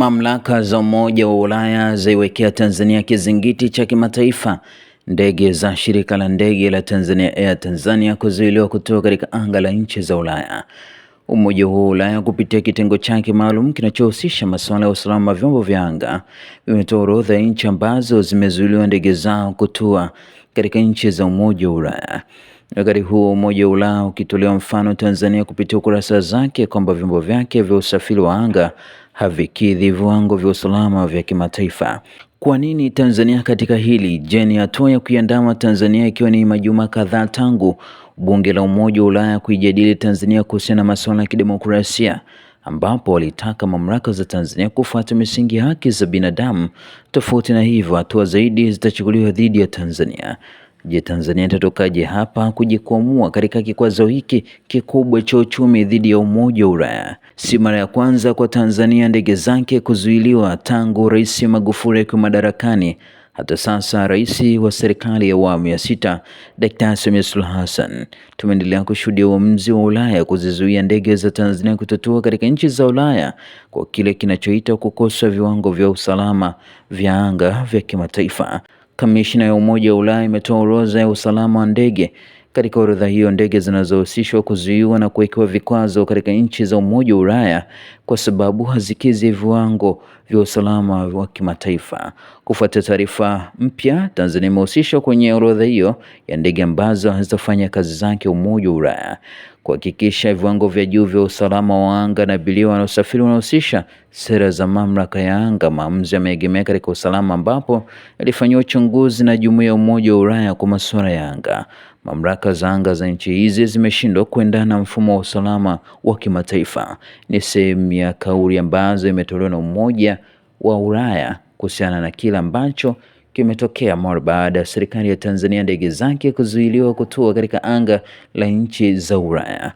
Mamlaka za Umoja wa Ulaya zaiwekea Tanzania kizingiti cha kimataifa. Ndege za shirika la ndege la Tanzania Air Tanzania kuzuiliwa kutoka katika anga la nchi za Ulaya. Umoja huo wa Ulaya kupitia kitengo chake maalum kinachohusisha masuala ya usalama wa vyombo vya anga vimetoa orodha ya nchi ambazo zimezuiliwa ndege zao kutua katika nchi za Umoja wa Ulaya. Wakati huo Umoja wa Ulaya ukitolewa mfano Tanzania kupitia kurasa zake kwamba vyombo vyake vya usafiri wa anga havikidhi viwango vya usalama vya kimataifa. Kwa nini Tanzania katika hili? Je, ni hatua ya kuiandama Tanzania ikiwa ni majuma kadhaa tangu bunge la Umoja wa Ulaya kuijadili Tanzania kuhusiana na masuala ya kidemokrasia ambapo walitaka mamlaka za Tanzania kufuata misingi ya haki za binadamu. Tofauti na hivyo, hatua zaidi zitachukuliwa dhidi ya Tanzania. Je, Tanzania itatokaje hapa kujikwamua katika kikwazo hiki kikubwa cha uchumi dhidi ya Umoja wa Ulaya? Si mara ya kwanza kwa Tanzania ndege zake kuzuiliwa tangu Rais Magufuli akiwa madarakani. Hata sasa rais wa serikali ya awamu ya sita dr Samia Suluhu Hassan, tumeendelea kushuhudia uamuzi wa Ulaya kuzizuia ndege za Tanzania kutotua katika nchi za Ulaya kwa kile kinachoita kukosa viwango vya usalama vya anga vya kimataifa. Kamishna ya Umoja wa Ulaya imetoa orodha ya usalama wa ndege. Katika orodha hiyo, ndege zinazohusishwa kuzuiwa na kuwekewa vikwazo katika nchi za Umoja wa Ulaya kwa sababu hazikizi viwango vya usalama wa kimataifa. Kufuatia taarifa mpya, Tanzania imehusishwa kwenye orodha hiyo ya ndege ambazo hazitafanya kazi zake Umoja wa Ulaya kuhakikisha viwango vya juu vya usalama wa anga na abiria na usafiri unahusisha sera za mamlaka ya anga. Maamuzi yameegemea katika usalama, ambapo yalifanyiwa uchunguzi na jumuiya ya Umoja wa Ulaya kwa masuala ya anga. Mamlaka za anga za nchi hizi zimeshindwa kuendana na mfumo wa usalama wa kimataifa, ni sehemu ya kauli ambazo imetolewa na Umoja wa Ulaya kuhusiana na kile ambacho kimetokea mara baada ya serikali ya Tanzania ndege zake kuzuiliwa kutua katika anga la nchi za Ulaya.